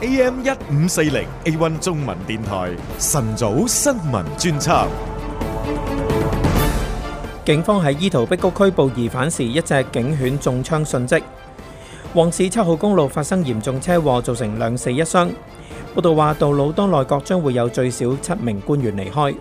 AM 一五四零 A One 中文電台晨早新聞專輯。警方喺伊圖碧谷拘捕疑犯時，一隻警犬中槍殉職。旺市七號公路發生嚴重車禍，造成兩死一傷。報道話，杜魯多內閣將會有最少七名官員離開。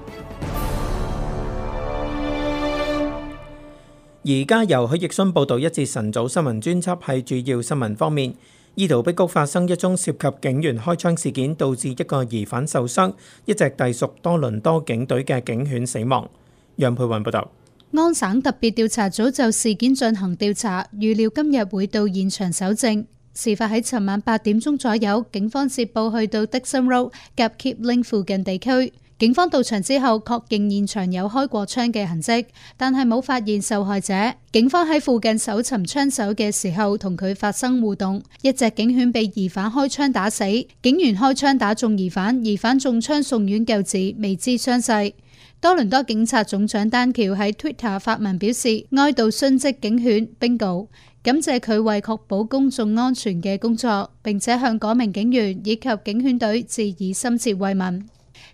而家由許奕迅報道一節晨早新聞專輯，係主要新聞方面。怡陶碧谷發生一宗涉及警員開槍事件，導致一個疑犯受傷，一隻隸屬多倫多警隊嘅警犬死亡。楊佩雲報道，安省特別調查組就事件進行調查，預料今日會到現場搜證。事發喺尋晚八點鐘左右，警方接報去到迪森路夾 Kipling 附近地區。警方到場之後，確認現場有開過槍嘅痕跡，但係冇發現受害者。警方喺附近搜尋槍手嘅時候，同佢發生互動，一隻警犬被疑犯開槍打死，警員開槍打中疑犯，疑犯中槍送院救治，未知傷勢。多倫多警察總長丹橋喺 Twitter 發文表示哀悼殉職警犬冰狗，感謝佢為確保公眾安全嘅工作，並且向嗰名警員以及警犬隊致以深切慰問。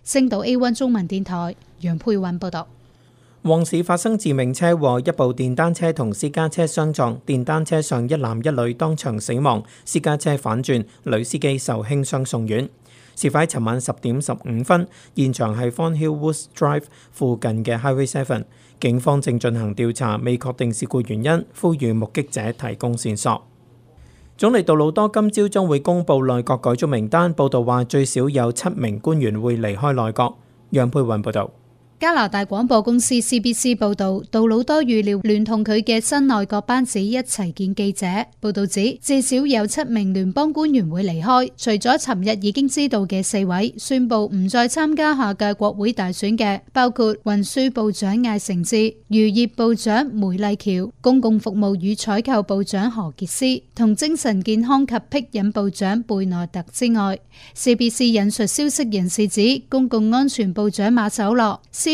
星島 A1 中文電台楊佩韻報道：旺市發生致命車禍，一部電單車同私家車相撞，電單車上一男一女當場死亡，私家車反轉，女司機受輕傷送院。事發尋晚十點十五分，現場係 Thornhill Woods Drive 附近嘅 Highway Seven，警方正進行調查，未確定事故原因，呼籲目擊者提供線索。總理杜魯多今朝將會公布內閣改組名單，報道話最少有七名官員會離開內閣。楊佩雲報道。加拿大廣播公司 CBC 報道，杜魯多預料聯同佢嘅新內閣班子一齊見記者。報道指，至少有七名聯邦官員會離開，除咗尋日已經知道嘅四位宣布唔再參加下屆國會大選嘅，包括運輸部長艾成志、漁業部長梅麗喬、公共服務與採購部長何杰斯同精神健康及僻隱部長貝內特之外，CBC 引述消息人士指，公共安全部長馬首諾斯。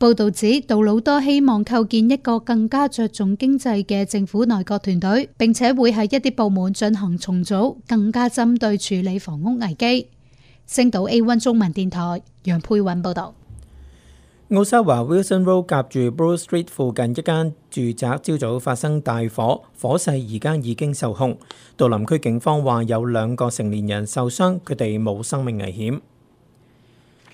報道指杜魯多希望構建一個更加着重經濟嘅政府內閣團隊，並且會喺一啲部門進行重組，更加針對處理房屋危機。星島 A 1中文電台楊佩韻報道。奧沙華 Wilson Road 夾住 Bruce Street 附近一間住宅，朝早發生大火，火勢而家已經受控。杜林區警方話有兩個成年人受傷，佢哋冇生命危險。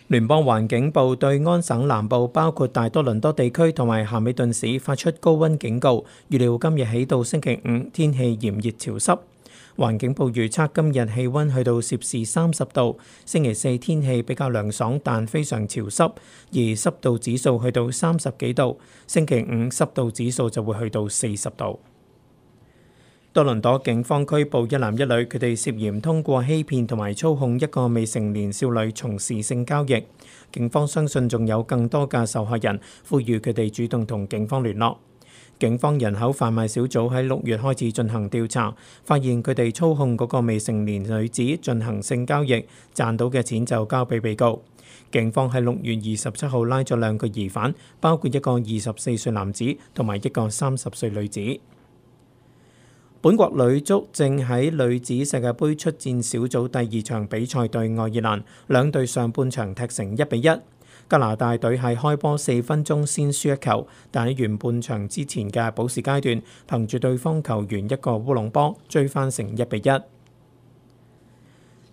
聯邦環境部對安省南部，包括大多倫多地區同埋咸美頓市，發出高溫警告。預料今日起到星期五，天氣炎熱潮濕。環境部預測今日氣溫去到攝氏三十度，星期四天氣比較涼爽，但非常潮濕，而濕度指數去到三十幾度。星期五濕度指數就會去到四十度。多倫多警方拘捕一男一女，佢哋涉嫌通過欺騙同埋操控一個未成年少女從事性交易。警方相信仲有更多嘅受害人，呼籲佢哋主動同警方聯絡。警方人口販賣小組喺六月開始進行調查，發現佢哋操控嗰個未成年女子進行性交易，賺到嘅錢就交俾被告。警方喺六月二十七號拉咗兩個疑犯，包括一個二十四歲男子同埋一個三十歲女子。本國女足正喺女子世界杯出戰小組第二場比賽對愛爾蘭，兩隊上半場踢成一比一。加拿大隊係開波四分鐘先輸一球，但喺完半場之前嘅補時階段，憑住對方球員一個烏龍波追翻成一比一。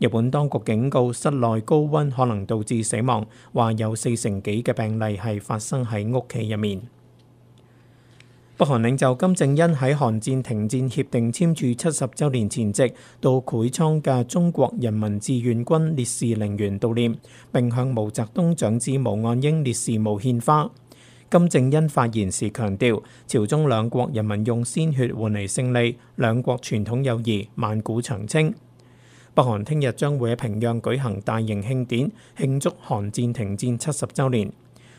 日本當局警告室內高溫可能導致死亡，話有四成幾嘅病例係發生喺屋企入面。北韓領袖金正恩喺韓戰停戰協定簽署七十週年前夕，到檜倉嘅中國人民志願軍烈士陵園悼念，並向毛澤東長子毛岸英烈士墓獻花。金正恩發言時強調，朝中兩國人民用鮮血換嚟勝利，兩國傳統友誼萬古長青。北韓聽日將會喺平壤舉行大型慶典，慶祝韓戰停戰七十週年。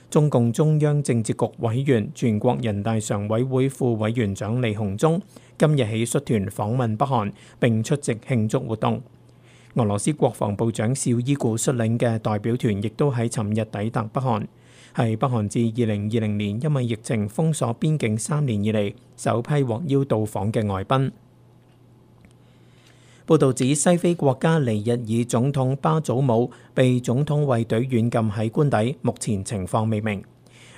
中共中央政治局委員、全國人大常委會副委員長李鴻忠今日起率團訪問北韓，並出席慶祝活動。俄羅斯國防部長邵伊古率領嘅代表團亦都喺尋日抵達北韓，係北韓自二零二零年因為疫情封鎖邊境三年以嚟首批獲邀到訪嘅外賓。報道指西非國家尼日爾總統巴祖姆被總統衛隊軟禁喺官邸，目前情況未明。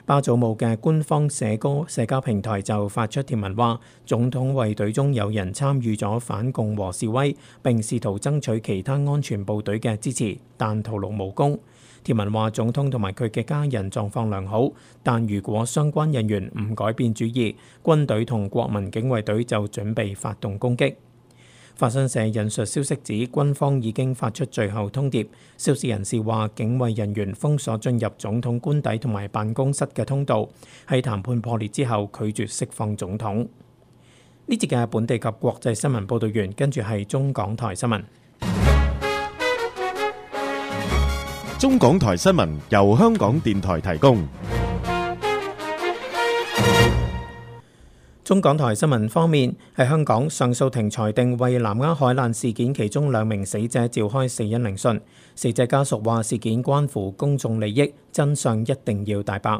巴祖姆嘅官方社歌社交平台就發出貼文話，總統衛隊中有人參與咗反共和示威，並試圖爭取其他安全部隊嘅支持，但徒勞無功。貼文話，總統同埋佢嘅家人狀況良好，但如果相關人員唔改變主意，軍隊同國民警衛隊就準備發動攻擊。法新社引述消息指，軍方已經發出最後通牒。消息人士話，警衛人員封鎖進入總統官邸同埋辦公室嘅通道，喺談判破裂之後拒絕釋放總統。呢節嘅本地及國際新聞報道完，跟住係中港台新聞，中港台新聞由香港電台提供。中港台新聞方面，喺香港上訴庭裁定為南丫海難事件其中兩名死者召開死因聆訊。死者家屬話事件關乎公眾利益，真相一定要大白。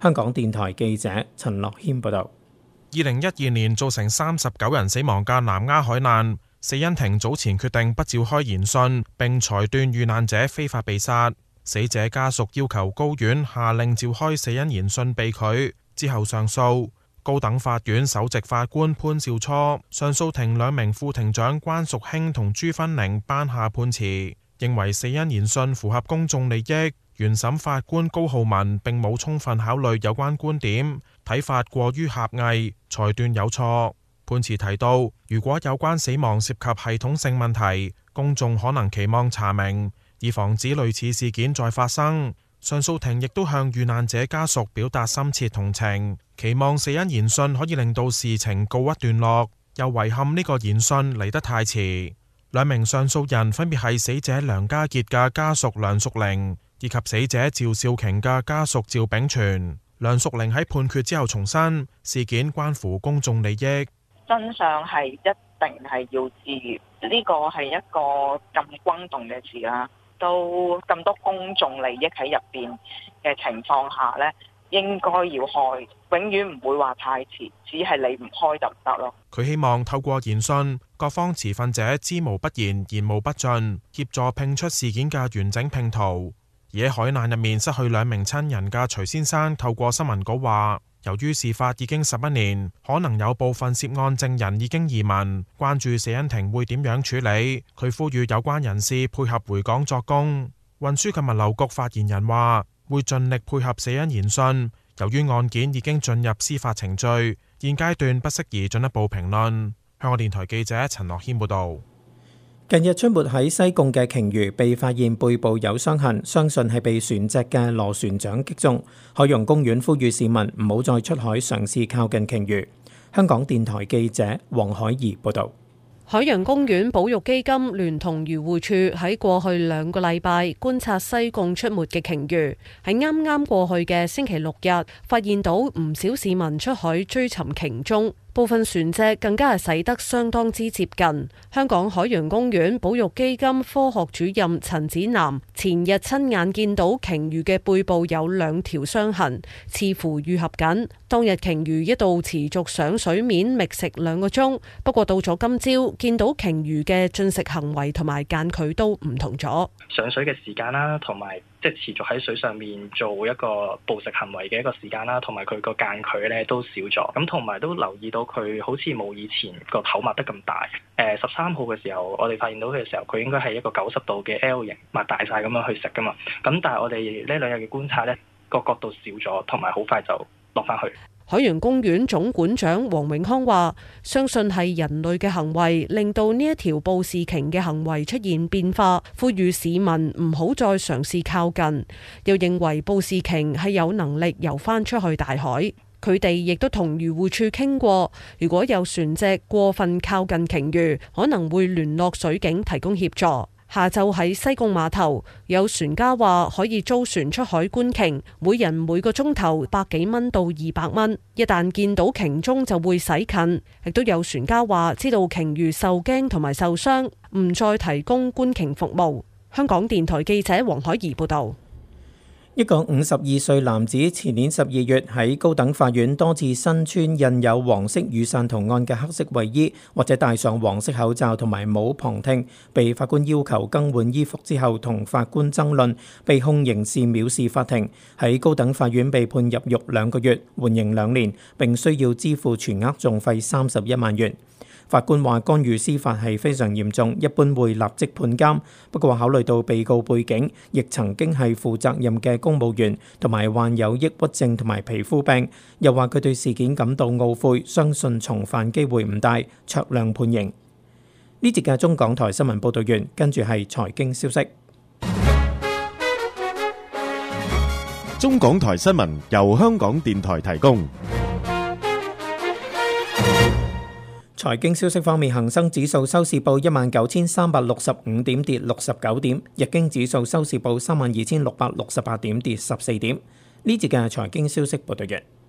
香港電台記者陳樂謙報道。二零一二年造成三十九人死亡嘅南丫海難，死因庭早前決定不召開研訊，並裁斷遇難者非法被殺。死者家屬要求高院下令召開死因研訊被拒，之後上訴。高等法院首席法官潘兆初、上訴庭兩名副庭長關淑卿同朱芬齡頒下判詞，認為死因研訊符合公眾利益，原審法官高浩文並冇充分考慮有關觀點，睇法過於狹隘，裁斷有錯。判詞提到，如果有關死亡涉及系統性問題，公眾可能期望查明，以防止類似事件再發生。上訴庭亦都向遇難者家屬表達深切同情，期望死因研訊可以令到事情告一段落，又遺憾呢個研訊嚟得太遲。兩名上訴人分別係死者梁家杰嘅家屬梁淑玲，以及死者趙少瓊嘅家屬趙炳全。梁淑玲喺判決之後重申，事件關乎公眾利益，真相係一定係要知，呢個係一個咁轟動嘅事啦。到咁多公眾利益喺入邊嘅情況下咧，應該要開，永遠唔會話太遲，只係你唔開就唔得咯。佢希望透過研訊各方持份者知無不言，言無不盡協助拼出事件嘅完整拼圖，而喺海難入面失去兩名親人嘅徐先生，透過新聞稿話。由於事發已經十一年，可能有部分涉案證人已經移民，關注死因庭會點樣處理。佢呼籲有關人士配合回港作供。運輸及物流局發言人話：會盡力配合死因研訊。由於案件已經進入司法程序，現階段不適宜進一步評論。香港電台記者陳樂軒報導。近日出沒喺西貢嘅鯨魚被發現背部有傷痕，相信係被船隻嘅螺旋槳擊中。海洋公園呼籲市民唔好再出海嘗試靠近鯨魚。香港電台記者黃海怡報道：海洋公園保育基金聯同漁護署喺過去兩個禮拜觀察西貢出沒嘅鯨魚，喺啱啱過去嘅星期六日，發現到唔少市民出海追尋鯨蹤。部分船隻更加係駛得相當之接近。香港海洋公園保育基金科學主任陳子南前日親眼見到鯨魚嘅背部有兩條傷痕，似乎愈合緊。當日鯨魚一度持續上水面覓食兩個鐘，不過到咗今朝，見到鯨魚嘅進食行為同埋間距都唔同咗，上水嘅時間啦、啊，同埋。即係持續喺水上面做一個捕食行為嘅一個時間啦，同埋佢個間距咧都少咗。咁同埋都留意到佢好似冇以前個口擘得咁大。誒、呃，十三號嘅時候，我哋發現到佢嘅時候，佢應該係一個九十度嘅 L 型擘大晒咁樣去食噶嘛。咁但係我哋呢兩日嘅觀察咧，個角度少咗，同埋好快就落翻去。海洋公園總館長黃永康話：相信係人類嘅行為令到呢一條布氏鯨嘅行為出現變化，呼籲市民唔好再嘗試靠近。又認為布氏鯨係有能力游翻出去大海。佢哋亦都同漁護處傾過，如果有船隻過分靠近鯨魚，可能會聯絡水警提供協助。下晝喺西貢碼頭，有船家話可以租船出海觀鯨，每人每個鐘頭百幾蚊到二百蚊。一旦見到鯨蹤就會駛近，亦都有船家話知道鯨魚受驚同埋受傷，唔再提供觀鯨服務。香港電台記者黃海怡報道。一個五十二歲男子前年十二月喺高等法院多次身穿印有黃色雨傘圖案嘅黑色衛衣，或者戴上黃色口罩同埋帽旁聽，被法官要求更換衣服之後同法官爭論，被控刑事藐視法庭，喺高等法院被判入獄兩個月，緩刑兩年，並需要支付全額訟費三十一萬元。法官話：干預司法係非常嚴重，一般會立即判監。不過考慮到被告背景，亦曾經係負責任嘅公務員，同埋患有抑鬱症同埋皮膚病，又話佢對事件感到懊悔，相信重犯機會唔大，酌量判刑。呢節嘅中港台新聞報導完，跟住係財經消息。中港台新聞由香港電台提供。財經消息方面，恒生指數收市報一萬九千三百六十五點，跌六十九點；日經指數收市報三萬二千六百六十八點，跌十四點。呢節嘅財經消息報，報道完。